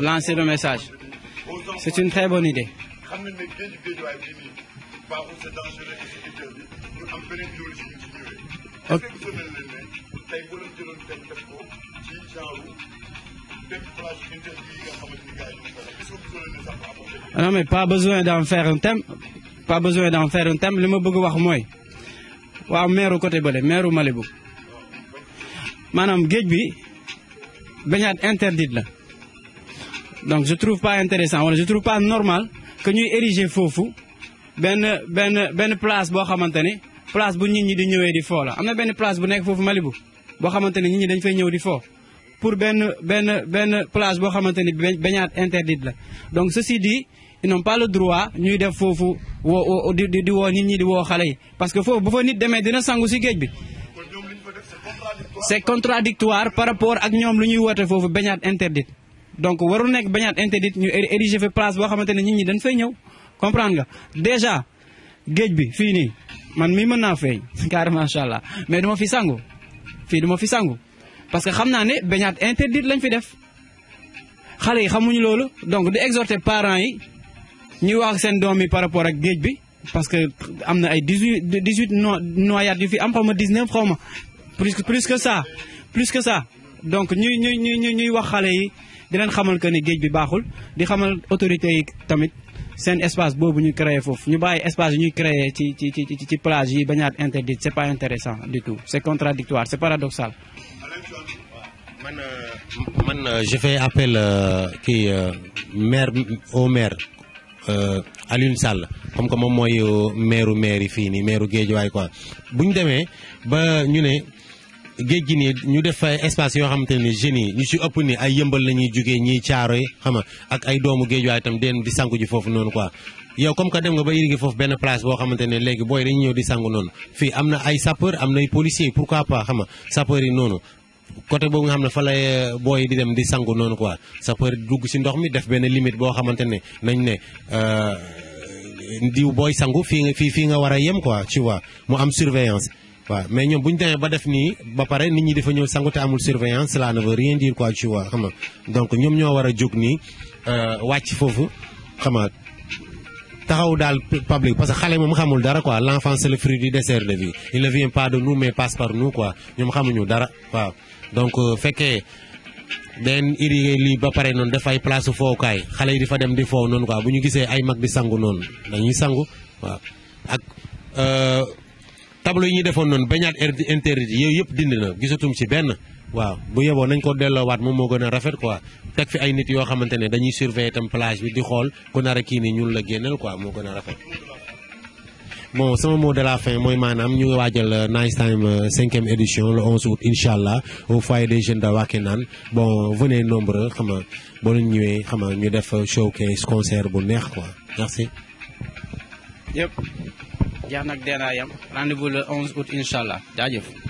lancer le message. C'est une très bonne idée. Non mais pas besoin d'en faire un thème pas besoin d'en faire un thème mot ma bëgg wax mooy mère au côté bële au Malibu Madame madame baignade interdite la donc je trouve pas intéressant wala je trouve pas normal que ñuy ériger Fofu, Ben ben ben place boo xamante place bu nit ñi di ñëwee di foo la benn place bu nekk foofu Malibu boo xamante ne nit ñi dañ fay ñëw di foo pour benn ben, ben place boo xamante ne baignade interdite la donc ceci dit ils n'ont pas le droit ñuy def Fofu, ou di di woo nit ñi di woo xale parce que Fofu, bu fa nit demee dina sangu ci géej bi c'est contradictoire par rapport ak ñoom lu ñuy woote foofu bañaat interdite donc warul nekk bañaat interdite ñu érigé fa place boo xamante ne nit ñi dañ fay ñëw comprendre nga déjà géej bi fii nii man mii mën naa feeñ carrément macha allah mais duma fi sangu fii duma fi sangu parce que xam naa ne bañaat interdite lañ fi def xale yi xamuñu loolu donc di exhorter parents yi ñuy wax seen doom yi par rapport ak géej bi parce que am na ay dix huit dix huit noyades yu fi am xaw ma dix neuf xaw ma plus que ça plus que ça donc nous, nous, nous, nous, nous nous nous, nous nous, nous, nous, nous, espace nous nous nous nous espace nous créer nous plage c'est pas intéressant du tout c'est contradictoire c'est paradoxal man euh, euh, je fais appel qui euh, maire au maire comme nous, moi quoi nous géej gi nii ñu def espace yoo xamante ne jeunes yi ñu si ëpp nii ay yëmbal la ñuy jugee ñiy caaro yi xam nga ak ay doomu géej waay itam den di sangu ji foofu noonu quoi yow comme que dem nga ba irrigué foofu benn boo xamante ne léegi booy dañuy ñëw di sangu noonu fii am na ay sapeur am na ay policier pourquoi pas xam nga sapeur yi noonu côté boobu nga xam ne fa lay eh, booy di dem di sangu noonu quoi sapeur dugg si ndox mi def benn limite boo xamante ne nañ ne euh, diw booy sangu fii fii fii nga war a yem quoi tu mu am surveillance waaw mais ñoom bu ñu demee ba def nii ba pare nit ñi dafa ñëw sangu te amul surveillance cela ne veut rien dire quoi tu vois xam nga donc ñoom ñoo war a jóg nii euh, wàcc foofu xam nga taxaw daal public parce que xale moom xamul dara quoi l' enfant c' est le fruit du dessert de vie il ne vient pas de nous mais passe par nous quoi ñoom xamuñu dara waaw donc euh, fekkee den irrigué lii ba pare noonu dafay place fookaay xale yi di fa dem di foow noonu quoi bu ñu gisee ay mag di sangu noonu dañuy sangu waaw ak euh, tableau yi ñu defoon noonu bañaat er interdit yooyu yëpp dindi na gisatum ci benn waaw bu yeboo nañ ko delloowaat moom moo gën a rafet quoi teg fi ay nit yoo xamante ne dañuy surveiller tam plage bi di xool ku nar kii ni ñun la génneel quoi moo gën a rafet bon sama moo de la fin mooy maanaam ñu waajal euh, Nice Time euh, cinquième édition la 11 août incha allah au foyer des jeunes de Wakinan bon venez nombre xam nga boo leen ñëwee xam nga ñu def showcase concert bu neex quoi jeex nag deenaa yam rendez-vous le 11 août incha allah jaajëf